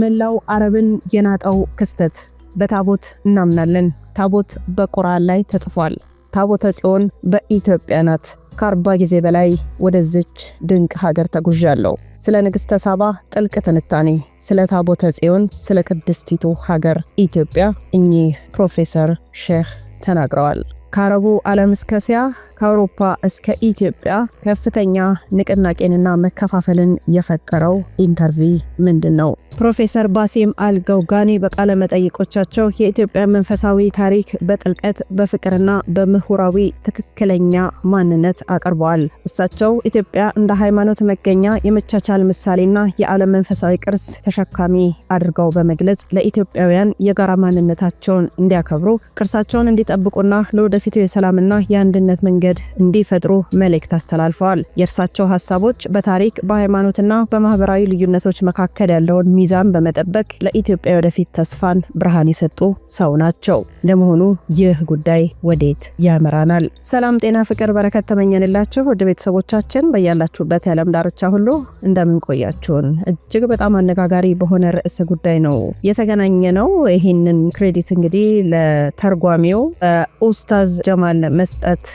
መላው አረብን የናጠው ክስተት በታቦት እናምናለን። ታቦት በቁርአን ላይ ተጽፏል። ታቦተ ጽዮን በኢትዮጵያ ናት። ከአርባ ጊዜ በላይ ወደዚች ድንቅ ሀገር ተጉዣለሁ። ስለ ንግሥተ ሳባ ጥልቅ ትንታኔ፣ ስለ ታቦተ ጽዮን፣ ስለ ቅድስቲቱ ሀገር ኢትዮጵያ እኚህ ፕሮፌሰር ሼህ ተናግረዋል። ከአረቡ ዓለም እስከ እስያ ከአውሮፓ እስከ ኢትዮጵያ ከፍተኛ ንቅናቄንና መከፋፈልን የፈጠረው ኢንተርቪ ምንድን ነው? ፕሮፌሰር ባሲም አልገውጋኒ በቃለ መጠይቆቻቸው የኢትዮጵያ መንፈሳዊ ታሪክ በጥልቀት በፍቅርና በምሁራዊ ትክክለኛ ማንነት አቅርበዋል። እሳቸው ኢትዮጵያ እንደ ሃይማኖት መገኛ የመቻቻል ምሳሌና የዓለም መንፈሳዊ ቅርስ ተሸካሚ አድርገው በመግለጽ ለኢትዮጵያውያን የጋራ ማንነታቸውን እንዲያከብሩ፣ ቅርሳቸውን እንዲጠብቁና ለወደፊቱ የሰላምና የአንድነት መንገድ መንገድ እንዲፈጥሩ መልእክት አስተላልፈዋል። የእርሳቸው ሀሳቦች በታሪክ በሃይማኖትና በማህበራዊ ልዩነቶች መካከል ያለውን ሚዛን በመጠበቅ ለኢትዮጵያ ወደፊት ተስፋን ብርሃን የሰጡ ሰው ናቸው። ለመሆኑ ይህ ጉዳይ ወዴት ያመራናል? ሰላም፣ ጤና፣ ፍቅር፣ በረከት ተመኘንላችሁ ወደ ቤተሰቦቻችን በያላችሁበት የዓለም ዳርቻ ሁሉ እንደምንቆያችሁን እጅግ በጣም አነጋጋሪ በሆነ ርዕሰ ጉዳይ ነው የተገናኘ ነው። ይህንን ክሬዲት እንግዲህ ለተርጓሚው ኡስታዝ ጀማል መስጠት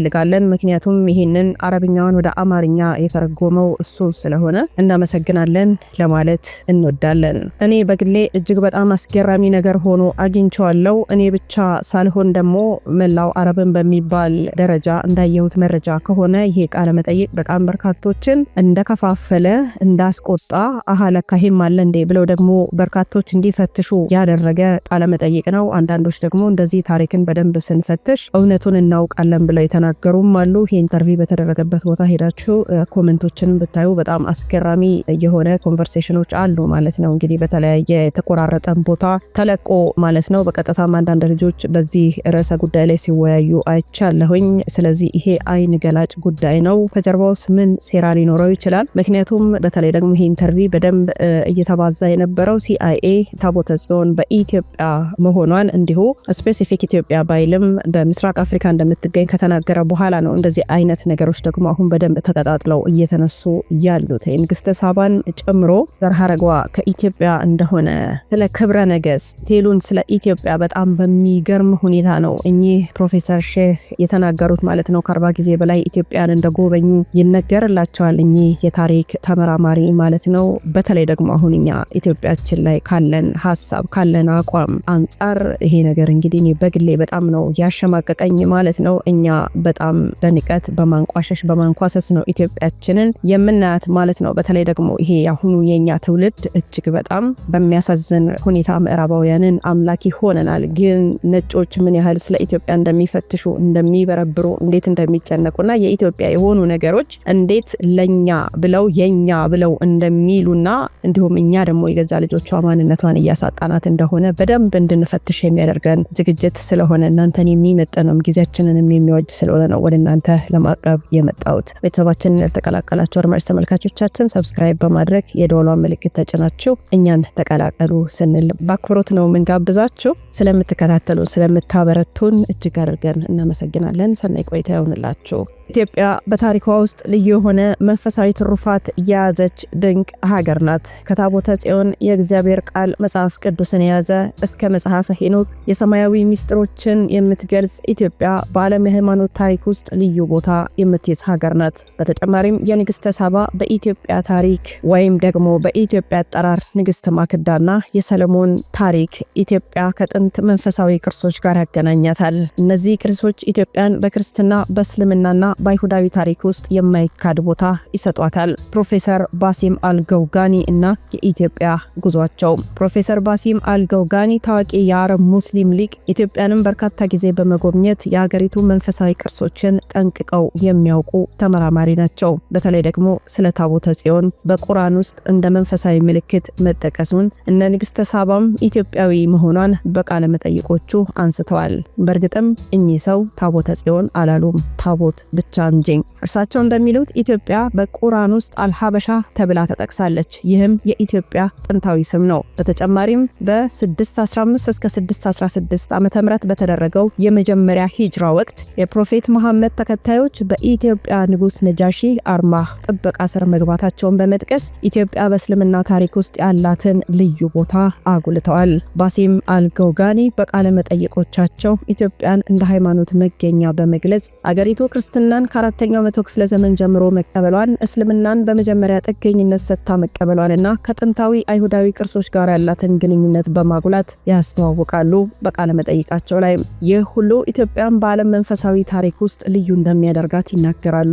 እንፈልጋለን። ምክንያቱም ይህንን አረብኛውን ወደ አማርኛ የተረጎመው እሱ ስለሆነ እናመሰግናለን ለማለት እንወዳለን። እኔ በግሌ እጅግ በጣም አስገራሚ ነገር ሆኖ አግኝቼዋለሁ። እኔ ብቻ ሳልሆን ደግሞ መላው አረብን በሚባል ደረጃ እንዳየሁት መረጃ ከሆነ ይሄ ቃለ መጠይቅ በጣም በርካቶችን እንደከፋፈለ እንዳስቆጣ፣ አሃ ለካ ይሄም አለ እንዴ ብለው ደግሞ በርካቶች እንዲፈትሹ ያደረገ ቃለ መጠይቅ ነው። አንዳንዶች ደግሞ እንደዚህ ታሪክን በደንብ ስንፈትሽ እውነቱን እናውቃለን ብለው የተናገሩም አሉ። ይሄ ኢንተርቪው በተደረገበት ቦታ ሄዳችሁ ኮመንቶችንም ብታዩ በጣም አስገራሚ የሆነ ኮንቨርሴሽኖች አሉ ማለት ነው። እንግዲህ በተለያየ የተቆራረጠን ቦታ ተለቆ ማለት ነው። በቀጥታም አንዳንድ ልጆች በዚህ ርዕሰ ጉዳይ ላይ ሲወያዩ አይቻለሁኝ። ስለዚህ ይሄ አይን ገላጭ ጉዳይ ነው። ከጀርባውስ ምን ሴራ ሊኖረው ይችላል? ምክንያቱም በተለይ ደግሞ ይሄ ኢንተርቪው በደንብ እየተባዛ የነበረው ሲአይኤ ታቦተ ጽዮን በኢትዮጵያ መሆኗን እንዲሁ ስፔሲፊክ ኢትዮጵያ ባይልም በምስራቅ አፍሪካ እንደምትገኝ ከተናገ ከተነገረ በኋላ ነው እንደዚህ አይነት ነገሮች ደግሞ አሁን በደንብ ተቀጣጥለው እየተነሱ ያሉት ንግስተ ሳባን ጨምሮ ዘር ሀረጓ ከኢትዮጵያ እንደሆነ ስለ ክብረ ነገስ ቴሉን ስለ ኢትዮጵያ በጣም በሚገርም ሁኔታ ነው እኚህ ፕሮፌሰር ሼህ የተናገሩት ማለት ነው። ከአርባ ጊዜ በላይ ኢትዮጵያን እንደጎበኙ ይነገርላቸዋል እኚህ የታሪክ ተመራማሪ ማለት ነው። በተለይ ደግሞ አሁን እኛ ኢትዮጵያችን ላይ ካለን ሀሳብ ካለን አቋም አንጻር ይሄ ነገር እንግዲህ በግሌ በጣም ነው ያሸማቀቀኝ ማለት ነው። እኛ በጣም በንቀት በማንቋሸሽ በማንኳሰስ ነው ኢትዮጵያችንን የምናያት ማለት ነው። በተለይ ደግሞ ይሄ የአሁኑ የኛ ትውልድ እጅግ በጣም በሚያሳዝን ሁኔታ ምዕራባውያንን አምላኪ ሆነናል። ግን ነጮች ምን ያህል ስለ ኢትዮጵያ እንደሚፈትሹ እንደሚበረብሩ፣ እንዴት እንደሚጨነቁና የኢትዮጵያ የሆኑ ነገሮች እንዴት ለኛ ብለው የኛ ብለው እንደሚሉና እንዲሁም እኛ ደግሞ የገዛ ልጆቿ ማንነቷን እያሳጣናት እንደሆነ በደንብ እንድንፈትሽ የሚያደርገን ዝግጅት ስለሆነ እናንተን የሚመጠነውም ጊዜያችንንም የሚወድ ስለ ስለሆነ ነው ወደ እናንተ ለማቅረብ የመጣሁት። ቤተሰባችንን ያልተቀላቀላችሁ አድማጭ ተመልካቾቻችን ሰብስክራይብ በማድረግ የደወሏን ምልክት ተጭናችሁ እኛን ተቀላቀሉ ስንል በአክብሮት ነው የምንጋብዛችሁ። ስለምትከታተሉን ስለምታበረቱን እጅግ አድርገን እናመሰግናለን። ሰናይ ቆይታ ይሆንላችሁ። ኢትዮጵያ በታሪኳ ውስጥ ልዩ የሆነ መንፈሳዊ ትሩፋት የያዘች ድንቅ ሀገር ናት። ከታቦተ ጽዮን የእግዚአብሔር ቃል መጽሐፍ ቅዱስን የያዘ እስከ መጽሐፈ ሄኖክ የሰማያዊ ሚስጥሮችን የምትገልጽ ኢትዮጵያ በዓለም የሃይማኖት ታሪክ ውስጥ ልዩ ቦታ የምትይዝ ሀገር ናት። በተጨማሪም የንግስተ ሳባ በኢትዮጵያ ታሪክ ወይም ደግሞ በኢትዮጵያ አጠራር ንግስት ማክዳና የሰለሞን ታሪክ ኢትዮጵያ ከጥንት መንፈሳዊ ቅርሶች ጋር ያገናኛታል። እነዚህ ቅርሶች ኢትዮጵያን በክርስትና በእስልምናና በአይሁዳዊ ታሪክ ውስጥ የማይካድ ቦታ ይሰጧታል። ፕሮፌሰር ባሲም አልገውጋኒ እና የኢትዮጵያ ጉዟቸው። ፕሮፌሰር ባሲም አልገውጋኒ ታዋቂ የአረብ ሙስሊም ሊቅ ኢትዮጵያንም በርካታ ጊዜ በመጎብኘት የሀገሪቱ መንፈሳዊ ቅርሶችን ጠንቅቀው የሚያውቁ ተመራማሪ ናቸው። በተለይ ደግሞ ስለ ታቦተ ጽዮን በቁርአን ውስጥ እንደ መንፈሳዊ ምልክት መጠቀሱን እነ ንግሥተ ሳባም ኢትዮጵያዊ መሆኗን በቃለ መጠይቆቹ አንስተዋል። በእርግጥም እኚህ ሰው ታቦተ ጽዮን አላሉም፣ ታቦት ብቻ እንጂ። እርሳቸው እንደሚሉት ኢትዮጵያ በቁርአን ውስጥ አልሀበሻ ተብላ ተጠቅሳለች። ይህም የኢትዮጵያ ጥንታዊ ስም ነው። በተጨማሪም በ615 እስከ 616 ዓ ም በተደረገው የመጀመሪያ ሂጅራ ወቅት የፕሮፌ የሰይድ መሐመድ ተከታዮች በኢትዮጵያ ንጉሥ ነጃሺ አርማ ጥበቃ ስር መግባታቸውን በመጥቀስ ኢትዮጵያ በእስልምና ታሪክ ውስጥ ያላትን ልዩ ቦታ አጉልተዋል። ባሲም አልገውጋኒ በቃለ መጠይቆቻቸው ኢትዮጵያን እንደ ሃይማኖት መገኛ በመግለጽ አገሪቱ ክርስትናን ከአራተኛው መቶ ክፍለ ዘመን ጀምሮ መቀበሏን፣ እስልምናን በመጀመሪያ ጥገኝነት ሰጥታ መቀበሏንና ከጥንታዊ አይሁዳዊ ቅርሶች ጋር ያላትን ግንኙነት በማጉላት ያስተዋውቃሉ። በቃለ መጠይቃቸው ላይ ይህ ሁሉ ኢትዮጵያን በዓለም መንፈሳዊ ታሪክ ታሪክ ውስጥ ልዩ እንደሚያደርጋት ይናገራሉ።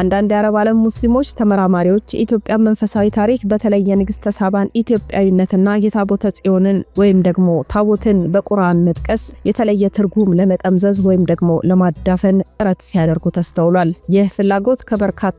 አንዳንድ የአረብ ዓለም ሙስሊሞች ተመራማሪዎች የኢትዮጵያን መንፈሳዊ ታሪክ በተለይ የንግሥተ ሳባን ኢትዮጵያዊነትና የታቦተ ጽዮንን ወይም ደግሞ ታቦትን በቁርአን መጥቀስ የተለየ ትርጉም ለመጠምዘዝ ወይም ደግሞ ለማዳፈን ጥረት ሲያደርጉ ተስተውሏል። ይህ ፍላጎት ከበርካታ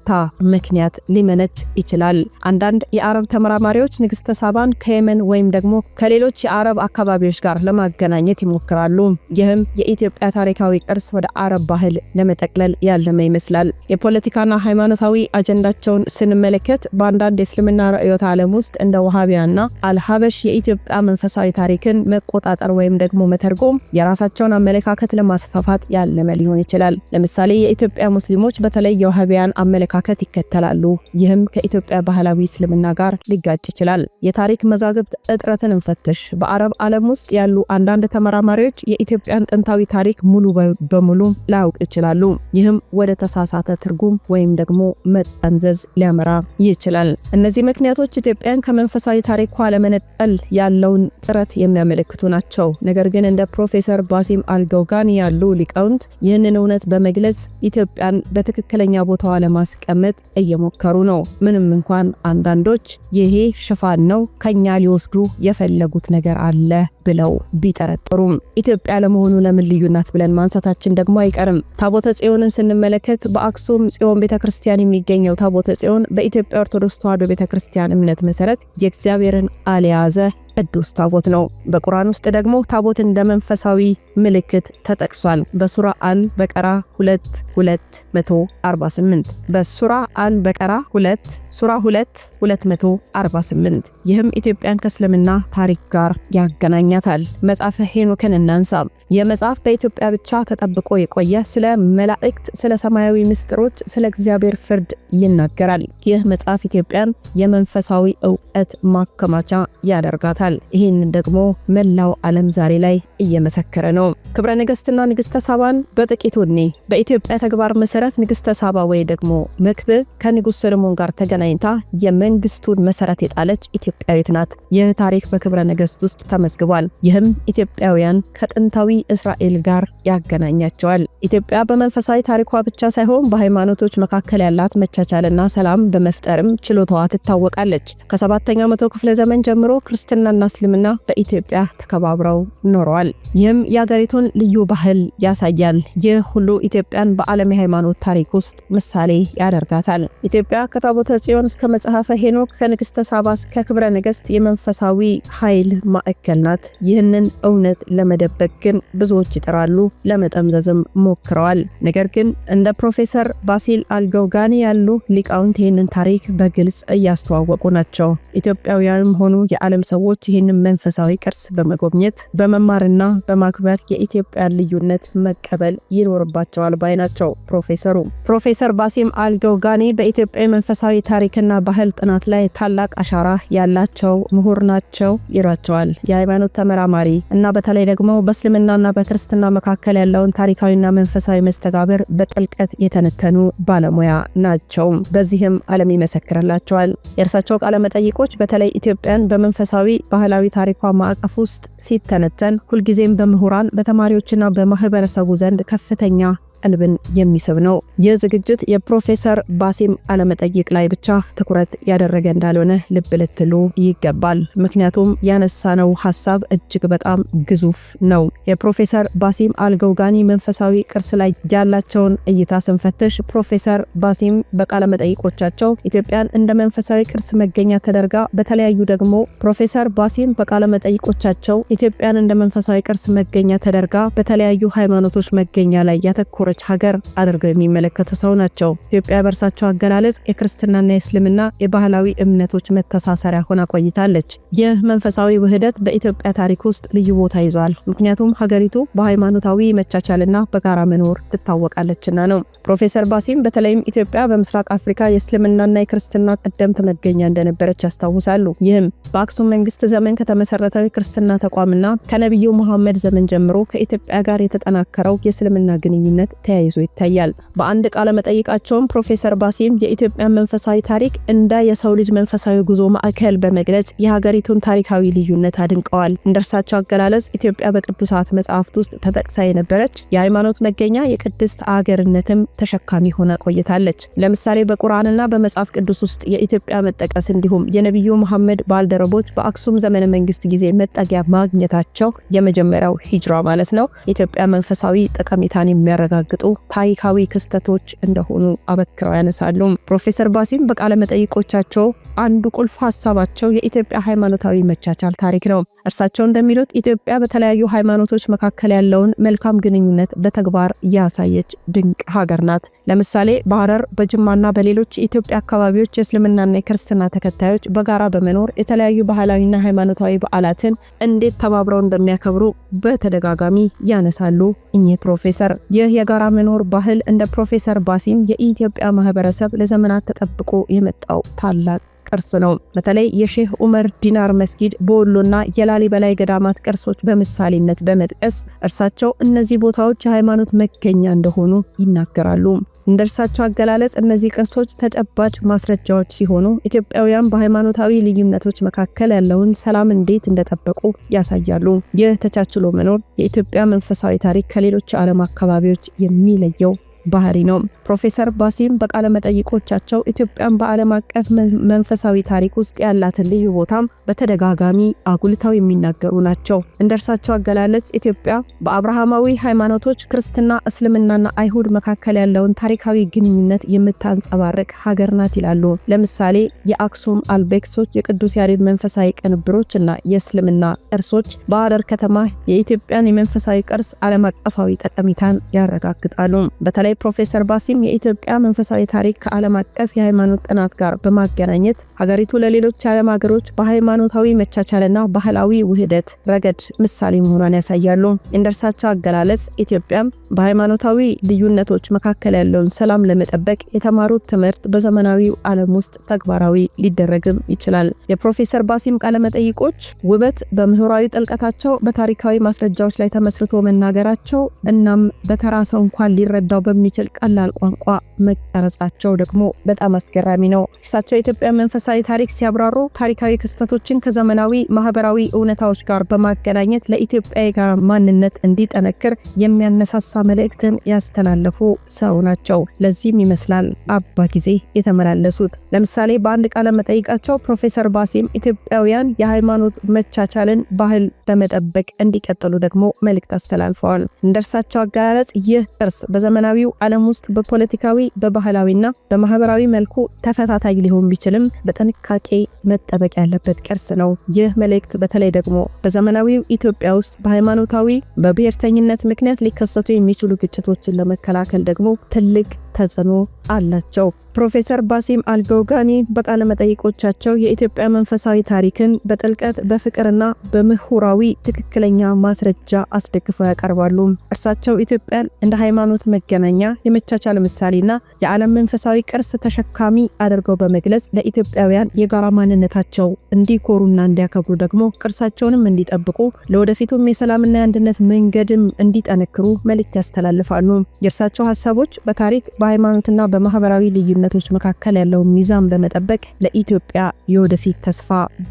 ምክንያት ሊመነጭ ይችላል። አንዳንድ የአረብ ተመራማሪዎች ንግሥተ ሳባን ከየመን ወይም ደግሞ ከሌሎች የአረብ አካባቢዎች ጋር ለማገናኘት ይሞክራሉ። ይህም የኢትዮጵያ ታሪካዊ ቅርስ ወደ አረብ ባህል ያህል ለመጠቅለል ያለመ ይመስላል። የፖለቲካና ሃይማኖታዊ አጀንዳቸውን ስንመለከት በአንዳንድ የእስልምና ርዕዮተ ዓለም ውስጥ እንደ ውሃቢያና አልሀበሽ የኢትዮጵያ መንፈሳዊ ታሪክን መቆጣጠር ወይም ደግሞ መተርጎም የራሳቸውን አመለካከት ለማስፋፋት ያለመ ሊሆን ይችላል። ለምሳሌ የኢትዮጵያ ሙስሊሞች በተለይ የውሃቢያን አመለካከት ይከተላሉ። ይህም ከኢትዮጵያ ባህላዊ እስልምና ጋር ሊጋጭ ይችላል። የታሪክ መዛግብት እጥረትን እንፈትሽ። በአረብ ዓለም ውስጥ ያሉ አንዳንድ ተመራማሪዎች የኢትዮጵያን ጥንታዊ ታሪክ ሙሉ በሙሉ ላያውቅ ይችላሉ። ይህም ወደ ተሳሳተ ትርጉም ወይም ደግሞ መጠምዘዝ ሊያመራ ይችላል። እነዚህ ምክንያቶች ኢትዮጵያን ከመንፈሳዊ ታሪኳ ለመነጠል ያለውን ጥረት የሚያመለክቱ ናቸው። ነገር ግን እንደ ፕሮፌሰር ባሲም አልገውጋን ያሉ ሊቃውንት ይህንን እውነት በመግለጽ ኢትዮጵያን በትክክለኛ ቦታዋ ለማስቀመጥ እየሞከሩ ነው። ምንም እንኳን አንዳንዶች ይሄ ሽፋን ነው ከኛ ሊወስዱ የፈለጉት ነገር አለ ብለው ቢጠረጥሩም ኢትዮጵያ ለመሆኑ ለምን ልዩ ናት ብለን ማንሳታችን ደግሞ አይቀርም። ታቦተ ጽዮንን ስንመለከት በአክሱም ጽዮን ቤተክርስቲያን የሚገኘው ታቦተ ጽዮን በኢትዮጵያ ኦርቶዶክስ ተዋሕዶ ቤተክርስቲያን እምነት መሰረት የእግዚአብሔርን ቃል የያዘ ቅዱስ ታቦት ነው። በቁርአን ውስጥ ደግሞ ታቦት እንደ መንፈሳዊ ምልክት ተጠቅሷል። በሱራ አል በቀራ 2 248 በሱራ አል በቀራ 2 ሱራ 2 248። ይህም ኢትዮጵያን ከእስልምና ታሪክ ጋር ያገናኛታል። መጽሐፈ ሄኖክን እናንሳ። ይህ መጽሐፍ በኢትዮጵያ ብቻ ተጠብቆ የቆየ ስለ መላእክት፣ ስለ ሰማያዊ ምስጢሮች፣ ስለ እግዚአብሔር ፍርድ ይናገራል። ይህ መጽሐፍ ኢትዮጵያን የመንፈሳዊ እውቀት ማከማቻ ያደርጋታል። ይገኛል። ይህንን ደግሞ መላው ዓለም ዛሬ ላይ እየመሰከረ ነው። ክብረ ነገስትና ንግስተ ሳባን በጥቂቱ እኒ በኢትዮጵያ ተግባር መሰረት ንግስተ ሳባ ወይ ደግሞ መክብ ከንጉሥ ሰለሞን ጋር ተገናኝታ የመንግስቱን መሰረት የጣለች ኢትዮጵያዊት ናት። ይህ ታሪክ በክብረ ነገስት ውስጥ ተመዝግቧል። ይህም ኢትዮጵያውያን ከጥንታዊ እስራኤል ጋር ያገናኛቸዋል። ኢትዮጵያ በመንፈሳዊ ታሪኳ ብቻ ሳይሆን በሃይማኖቶች መካከል ያላት መቻቻልና ሰላም በመፍጠርም ችሎታዋ ትታወቃለች። ከሰባተኛው መቶ ክፍለ ዘመን ጀምሮ ክርስትናና እስልምና በኢትዮጵያ ተከባብረው ኖረዋል። ይህም የአገሪቱን ልዩ ባህል ያሳያል። ይህ ሁሉ ኢትዮጵያን በዓለም የሃይማኖት ታሪክ ውስጥ ምሳሌ ያደርጋታል። ኢትዮጵያ ከታቦተ ጽዮን እስከ መጽሐፈ ሄኖክ ከንግሥተ ሳባ እስከ ክብረ ነገሥት የመንፈሳዊ ኃይል ማዕከል ናት። ይህንን እውነት ለመደበቅ ግን ብዙዎች ይጥራሉ ለመጠምዘዝም ሞክረዋል። ነገር ግን እንደ ፕሮፌሰር ባሲል አልገውጋኒ ያሉ ሊቃውንት ይህንን ታሪክ በግልጽ እያስተዋወቁ ናቸው። ኢትዮጵያውያንም ሆኑ የዓለም ሰዎች ይህንን መንፈሳዊ ቅርስ በመጎብኘት በመማርና በማክበር የኢትዮጵያን ልዩነት መቀበል ይኖርባቸዋል ባይ ናቸው ፕሮፌሰሩ። ፕሮፌሰር ባሲም አልገውጋኒ በኢትዮጵያ መንፈሳዊ ታሪክና ባህል ጥናት ላይ ታላቅ አሻራ ያላቸው ምሁር ናቸው ይሏቸዋል። የሃይማኖት ተመራማሪ እና በተለይ ደግሞ በእስልምናና በክርስትና መካከል መካከል ያለውን ታሪካዊና መንፈሳዊ መስተጋብር በጥልቀት የተነተኑ ባለሙያ ናቸው። በዚህም ዓለም ይመሰክርላቸዋል። የእርሳቸው ቃለመጠይቆች በተለይ ኢትዮጵያን በመንፈሳዊ ባህላዊ ታሪኳ ማዕቀፍ ውስጥ ሲተነተን ሁልጊዜም በምሁራን በተማሪዎችና በማህበረሰቡ ዘንድ ከፍተኛ ቀልብን የሚስብ ነው። ይህ ዝግጅት የፕሮፌሰር ባሲም አለመጠይቅ ላይ ብቻ ትኩረት ያደረገ እንዳልሆነ ልብ ልትሉ ይገባል። ምክንያቱም ያነሳነው ሀሳብ እጅግ በጣም ግዙፍ ነው። የፕሮፌሰር ባሲም አልገውጋኒ መንፈሳዊ ቅርስ ላይ ያላቸውን እይታ ስንፈትሽ ፕሮፌሰር ባሲም በቃለመጠይቆቻቸው ኢትዮጵያን እንደ መንፈሳዊ ቅርስ መገኛ ተደርጋ በተለያዩ ደግሞ ፕሮፌሰር ባሲም በቃለመጠይቆቻቸው ኢትዮጵያን እንደ መንፈሳዊ ቅርስ መገኛ ተደርጋ በተለያዩ ሃይማኖቶች መገኛ ላይ ያተኩረ የኖረች ሀገር አድርገው የሚመለከቱ ሰው ናቸው። ኢትዮጵያ በእርሳቸው አገላለጽ የክርስትናና የእስልምና የባህላዊ እምነቶች መተሳሰሪያ ሆና ቆይታለች። ይህ መንፈሳዊ ውህደት በኢትዮጵያ ታሪክ ውስጥ ልዩ ቦታ ይዟል። ምክንያቱም ሀገሪቱ በሃይማኖታዊ መቻቻልና በጋራ መኖር ትታወቃለችና ነው። ፕሮፌሰር ባሲም በተለይም ኢትዮጵያ በምስራቅ አፍሪካ የእስልምናና የክርስትና ቀደምት መገኛ እንደነበረች ያስታውሳሉ። ይህም በአክሱም መንግስት ዘመን ከተመሰረተው የክርስትና ተቋምና ከነቢዩ መሐመድ ዘመን ጀምሮ ከኢትዮጵያ ጋር የተጠናከረው የእስልምና ግንኙነት ተያይዞ ይታያል። በአንድ ቃለ መጠይቃቸውም ፕሮፌሰር ባሲም የኢትዮጵያን መንፈሳዊ ታሪክ እንደ የሰው ልጅ መንፈሳዊ ጉዞ ማዕከል በመግለጽ የሀገሪቱን ታሪካዊ ልዩነት አድንቀዋል። እንደ እርሳቸው አገላለጽ ኢትዮጵያ በቅዱሳት መጽሐፍት ውስጥ ተጠቅሳ የነበረች የሃይማኖት መገኛ የቅድስት አገርነትም ተሸካሚ ሆና ቆይታለች። ለምሳሌ በቁርአንና በመጽሐፍ ቅዱስ ውስጥ የኢትዮጵያ መጠቀስ እንዲሁም የነቢዩ መሐመድ ባልደረቦች በአክሱም ዘመነ መንግስት ጊዜ መጠጊያ ማግኘታቸው የመጀመሪያው ሂጅራ ማለት ነው ኢትዮጵያ መንፈሳዊ ጠቀሜታን የሚያረጋግ የሚያረጋግጡ ታሪካዊ ክስተቶች እንደሆኑ አበክረው ያነሳሉ። ፕሮፌሰር ባሲም በቃለመጠይቆቻቸው አንዱ ቁልፍ ሀሳባቸው የኢትዮጵያ ሃይማኖታዊ መቻቻል ታሪክ ነው። እርሳቸው እንደሚሉት ኢትዮጵያ በተለያዩ ሃይማኖቶች መካከል ያለውን መልካም ግንኙነት በተግባር ያሳየች ድንቅ ሀገር ናት። ለምሳሌ በሐረር በጅማና በሌሎች የኢትዮጵያ አካባቢዎች የእስልምናና የክርስትና ተከታዮች በጋራ በመኖር የተለያዩ ባህላዊና ሃይማኖታዊ በዓላትን እንዴት ተባብረው እንደሚያከብሩ በተደጋጋሚ ያነሳሉ እኚህ ፕሮፌሰር። ይህ የጋራ በጋራ መኖር ባህል እንደ ፕሮፌሰር ባሲም የኢትዮጵያ ማህበረሰብ ለዘመናት ተጠብቆ የመጣው ታላቅ ቅርስ ነው። በተለይ የሼህ ኡመር ዲናር መስጊድ በወሎና የላሊበላ ገዳማት ቅርሶች በምሳሌነት በመጥቀስ እርሳቸው እነዚህ ቦታዎች የሃይማኖት መገኛ እንደሆኑ ይናገራሉ። እንደ እርሳቸው አገላለጽ እነዚህ ቅርሶች ተጨባጭ ማስረጃዎች ሲሆኑ ኢትዮጵያውያን በሃይማኖታዊ ልዩነቶች መካከል ያለውን ሰላም እንዴት እንደጠበቁ ያሳያሉ። ይህ ተቻችሎ መኖር የኢትዮጵያ መንፈሳዊ ታሪክ ከሌሎች ዓለም አካባቢዎች የሚለየው ባህሪ ነው። ፕሮፌሰር ባሲም በቃለ መጠይቆቻቸው ኢትዮጵያን በዓለም አቀፍ መንፈሳዊ ታሪክ ውስጥ ያላትን ልዩ ቦታም በተደጋጋሚ አጉልተው የሚናገሩ ናቸው። እንደ እርሳቸው አገላለጽ ኢትዮጵያ በአብርሃማዊ ሃይማኖቶች ክርስትና፣ እስልምናና አይሁድ መካከል ያለውን ታሪካዊ ግንኙነት የምታንጸባርቅ ሀገር ናት ይላሉ። ለምሳሌ የአክሱም አልቤክሶች፣ የቅዱስ ያሬድ መንፈሳዊ ቅንብሮች እና የእስልምና ቅርሶች በሐረር ከተማ የኢትዮጵያን የመንፈሳዊ ቅርስ ዓለም አቀፋዊ ጠቀሜታን ያረጋግጣሉ። በተለይ ፕሮፌሰር ባሲም የኢትዮጵያ መንፈሳዊ ታሪክ ከዓለም አቀፍ የሃይማኖት ጥናት ጋር በማገናኘት ሀገሪቱ ለሌሎች የዓለም ሀገሮች በሃይማኖታዊ መቻቻልና ባህላዊ ውህደት ረገድ ምሳሌ መሆኗን ያሳያሉ። እንደርሳቸው አገላለጽ ኢትዮጵያም በሃይማኖታዊ ልዩነቶች መካከል ያለውን ሰላም ለመጠበቅ የተማሩት ትምህርት በዘመናዊው ዓለም ውስጥ ተግባራዊ ሊደረግም ይችላል። የፕሮፌሰር ባሲም ቃለመጠይቆች ውበት በምሁራዊ ጥልቀታቸው በታሪካዊ ማስረጃዎች ላይ ተመስርቶ መናገራቸው እናም በተራ ሰው እንኳን ሊረዳው በሚ በሚችል ቀላል ቋንቋ መቀረጻቸው ደግሞ በጣም አስገራሚ ነው። እሳቸው የኢትዮጵያ መንፈሳዊ ታሪክ ሲያብራሩ ታሪካዊ ክስተቶችን ከዘመናዊ ማህበራዊ እውነታዎች ጋር በማገናኘት ለኢትዮጵያ የጋራ ማንነት እንዲጠነክር የሚያነሳሳ መልእክትን ያስተላለፉ ሰው ናቸው። ለዚህም ይመስላል አባ ጊዜ የተመላለሱት። ለምሳሌ በአንድ ቃለ መጠይቃቸው ፕሮፌሰር ባሲም ኢትዮጵያውያን የሃይማኖት መቻቻልን ባህል በመጠበቅ እንዲቀጥሉ ደግሞ መልእክት አስተላልፈዋል። እንደ እርሳቸው አገላለጽ ይህ ቅርስ በዘመናዊው በዛሬው ዓለም ውስጥ በፖለቲካዊ በባህላዊና በማህበራዊ መልኩ ተፈታታይ ሊሆን ቢችልም በጥንቃቄ መጠበቅ ያለበት ቅርስ ነው። ይህ መልእክት በተለይ ደግሞ በዘመናዊው ኢትዮጵያ ውስጥ በሃይማኖታዊ በብሔርተኝነት ምክንያት ሊከሰቱ የሚችሉ ግጭቶችን ለመከላከል ደግሞ ትልቅ ተጽዕኖ አላቸው። ፕሮፌሰር ባሲም አልገውጋኒ በቃለ መጠይቆቻቸው የኢትዮጵያ መንፈሳዊ ታሪክን በጥልቀት በፍቅርና በምሁራዊ ትክክለኛ ማስረጃ አስደግፈው ያቀርባሉ። እርሳቸው ኢትዮጵያን እንደ ሃይማኖት መገናኛ የመቻቻል ምሳሌና የዓለም መንፈሳዊ ቅርስ ተሸካሚ አድርገው በመግለጽ ለኢትዮጵያውያን የጋራ ማንነታቸው እንዲኮሩና እንዲያከብሩ ደግሞ ቅርሳቸውንም እንዲጠብቁ ለወደፊቱም የሰላምና የአንድነት መንገድም እንዲጠነክሩ መልእክት ያስተላልፋሉ። የእርሳቸው ሀሳቦች በታሪክ በሃይማኖትና በማህበራዊ ልዩነቶች መካከል ያለውን ሚዛን በመጠበቅ ለኢትዮጵያ የወደፊት ተስፋ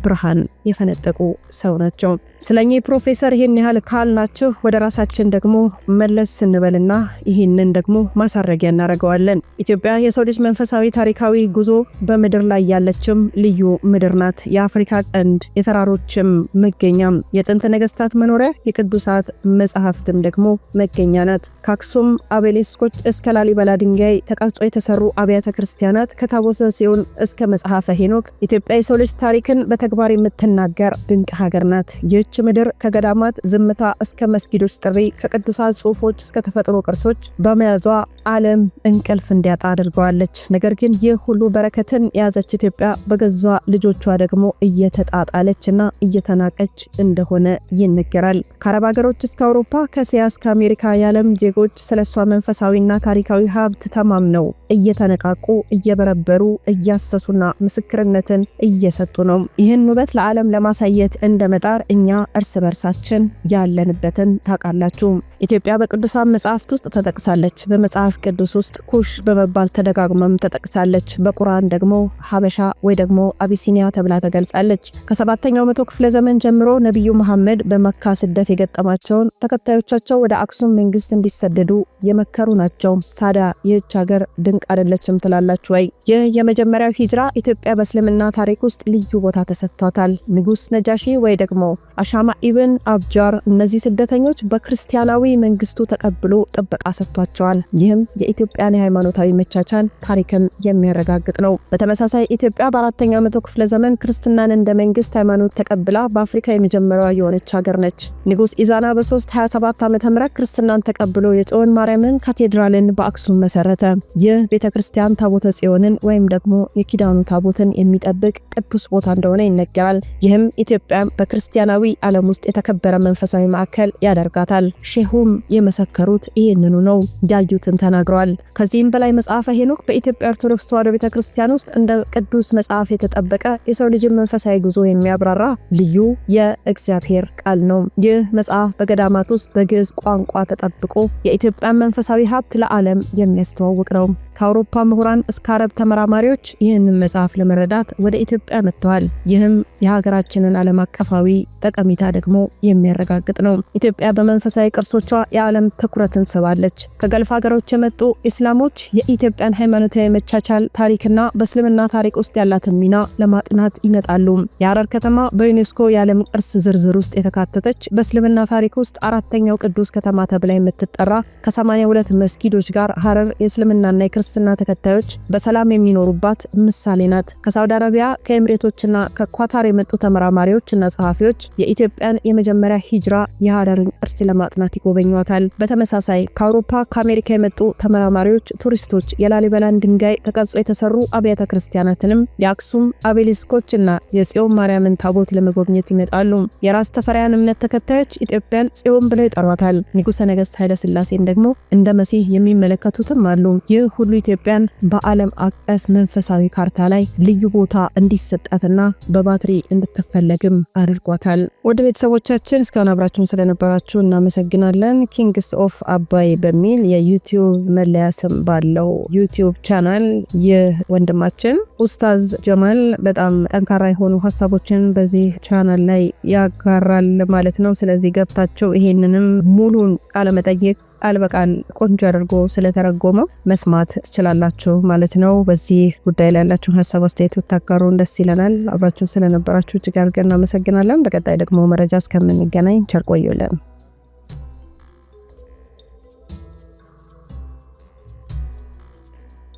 ብርሃን የፈነጠቁ ሰው ናቸው። ስለኚህ ፕሮፌሰር ይህን ያህል ካልናችሁ ወደ ራሳችን ደግሞ መለስ ስንበልና ይህንን ደግሞ ማሳረጊያ እናደርገዋለን። ኢትዮጵያ የሰው ልጅ መንፈሳዊ ታሪካዊ ጉዞ በምድር ላይ ያለችም ልዩ ምድር ናት። የአፍሪካ ቀንድ የተራሮችም መገኛም፣ የጥንት ነገስታት መኖሪያ፣ የቅዱሳት መጽሐፍትም ደግሞ መገኛ ናት። ከአክሱም አቤሌስኮች እስከ ላሊበላ ድንጋይ ተቀርጾ የተሰሩ አብያተ ክርስቲያናት፣ ከታቦተ ጽዮን እስከ መጽሐፈ ሄኖክ ኢትዮጵያ የሰው ልጅ ታሪክን በተግባር የምትና ስትናገር ድንቅ ሀገር ናት ይህች ምድር ከገዳማት ዝምታ እስከ መስጊዶች ጥሪ ከቅዱሳን ጽሑፎች እስከ ተፈጥሮ ቅርሶች በመያዟ ዓለም እንቅልፍ እንዲያጣ አድርገዋለች። ነገር ግን ይህ ሁሉ በረከትን የያዘች ኢትዮጵያ በገዛ ልጆቿ ደግሞ እየተጣጣለች እና እየተናቀች እንደሆነ ይነገራል። ከአረብ ሀገሮች እስከ አውሮፓ፣ ከእስያ እስከ አሜሪካ የዓለም ዜጎች ስለሷ መንፈሳዊና ታሪካዊ ሀብት ተማምነው እየተነቃቁ እየበረበሩ እያሰሱና ምስክርነትን እየሰጡ ነው። ይህን ውበት ለዓለም ለማሳየት እንደ መጣር እኛ እርስ በርሳችን ያለንበትን ታውቃላችሁ። ኢትዮጵያ በቅዱሳን መጽሐፍት ውስጥ ተጠቅሳለች። በመጽሐፍ ቅዱስ ውስጥ ኩሽ በመባል ተደጋግመም ተጠቅሳለች። በቁርአን ደግሞ ሀበሻ ወይ ደግሞ አቢሲኒያ ተብላ ተገልጻለች። ከሰባተኛው መቶ ክፍለ ዘመን ጀምሮ ነቢዩ መሐመድ በመካ ስደት የገጠማቸውን ተከታዮቻቸው ወደ አክሱም መንግስት እንዲሰደዱ የመከሩ ናቸው። ታዲያ ይህች ሀገር ድንቅ አይደለችም ትላላችሁ ወይ? ይህ የመጀመሪያው ሂጅራ ኢትዮጵያ በእስልምና ታሪክ ውስጥ ልዩ ቦታ ተሰጥቷታል። ንጉስ ነጃሺ ወይ ደግሞ አሻማ ኢብን አብጃር እነዚህ ስደተኞች በክርስቲያናዊ መንግስቱ ተቀብሎ ጥበቃ ሰጥቷቸዋል። ይህም የኢትዮጵያን የሃይማኖታዊ መቻቻል ታሪክን የሚያረጋግጥ ነው። በተመሳሳይ ኢትዮጵያ በአራተኛው መቶ ክፍለ ዘመን ክርስትናን እንደ መንግስት ሃይማኖት ተቀብላ በአፍሪካ የመጀመሪያ የሆነች ሀገር ነች። ንጉስ ኢዛና በ327 ዓ ም ክርስትናን ተቀብሎ የጽዮን ማርያምን ካቴድራልን በአክሱም መሰረተ። ይህ ቤተ ክርስቲያን ታቦተ ጽዮንን ወይም ደግሞ የኪዳኑ ታቦትን የሚጠብቅ ቅዱስ ቦታ እንደሆነ ይነገራል። ይህም ኢትዮጵያ በክርስቲያናዊ ዓለም ውስጥ የተከበረ መንፈሳዊ ማዕከል ያደርጋታል። ሼሁ መጽሐፉም የመሰከሩት ይህንኑ ነው። ያዩትን ተናግረዋል። ከዚህም በላይ መጽሐፈ ሄኖክ በኢትዮጵያ ኦርቶዶክስ ተዋሕዶ ቤተ ክርስቲያን ውስጥ እንደ ቅዱስ መጽሐፍ የተጠበቀ የሰው ልጅን መንፈሳዊ ጉዞ የሚያብራራ ልዩ የእግዚአብሔር ቃል ነው። ይህ መጽሐፍ በገዳማት ውስጥ በግዕዝ ቋንቋ ተጠብቆ የኢትዮጵያን መንፈሳዊ ሀብት ለዓለም የሚያስተዋውቅ ነው። ከአውሮፓ ምሁራን እስከ አረብ ተመራማሪዎች ይህንን መጽሐፍ ለመረዳት ወደ ኢትዮጵያ መጥተዋል። ይህም የሀገራችንን ዓለም አቀፋዊ ጠቀሜታ ደግሞ የሚያረጋግጥ ነው። ኢትዮጵያ በመንፈሳዊ ቅርሶቿ የዓለም ትኩረትን ስባለች። ከገልፍ ሀገሮች የመጡ ኢስላሞች የኢትዮጵያን ሃይማኖታዊ መቻቻል ታሪክና በእስልምና ታሪክ ውስጥ ያላትን ሚና ለማጥናት ይመጣሉ። የሐረር ከተማ በዩኔስኮ የዓለም ቅርስ ዝርዝር ውስጥ የተካተተች በእስልምና ታሪክ ውስጥ አራተኛው ቅዱስ ከተማ ተብላ የምትጠራ ከ82 መስጊዶች ጋር ሐረር የእስልምናና የክርስ የክርስትና ተከታዮች በሰላም የሚኖሩባት ምሳሌ ናት። ከሳውዲ አረቢያ ከኤምሬቶችና ከኳታር የመጡ ተመራማሪዎች እና ጸሐፊዎች የኢትዮጵያን የመጀመሪያ ሂጅራ የሀረርን ቅርስ ለማጥናት ይጎበኟታል። በተመሳሳይ ከአውሮፓ ከአሜሪካ የመጡ ተመራማሪዎች ቱሪስቶች የላሊበላን ድንጋይ ተቀርጾ የተሰሩ አብያተ ክርስቲያናትንም የአክሱም አቤሊስኮች እና የጽዮን ማርያምን ታቦት ለመጎብኘት ይመጣሉ። የራስ ተፈሪያን እምነት ተከታዮች ኢትዮጵያን ጽዮን ብለው ይጠሯታል። ንጉሠ ነገሥት ኃይለስላሴን ደግሞ እንደ መሲህ የሚመለከቱትም አሉ። ይህ ሁሉ ኢትዮጵያን በዓለም አቀፍ መንፈሳዊ ካርታ ላይ ልዩ ቦታ እንዲሰጣትና በባትሪ እንድትፈለግም አድርጓታል። ወደ ቤተሰቦቻችን እስካሁን አብራችሁን ስለነበራችሁ እናመሰግናለን። ኪንግስ ኦፍ አባይ በሚል የዩቲዩብ መለያ ስም ባለው ዩቲዩብ ቻናል ይህ ወንድማችን ኡስታዝ ጀማል በጣም ጠንካራ የሆኑ ሀሳቦችን በዚህ ቻናል ላይ ያጋራል ማለት ነው። ስለዚህ ገብታቸው ይሄንንም ሙሉን ቃለመጠየቅ ቃል በቃል ቆንጆ አድርጎ ስለተረጎመው መስማት ትችላላችሁ ማለት ነው። በዚህ ጉዳይ ላይ ያላችሁን ሀሳብ አስተያየት ብታጋሩን ደስ ይለናል። አብራችሁን ስለነበራችሁ እጅግ አድርገን እናመሰግናለን። በቀጣይ ደግሞ መረጃ እስከምንገናኝ ቸር ቆዩልን።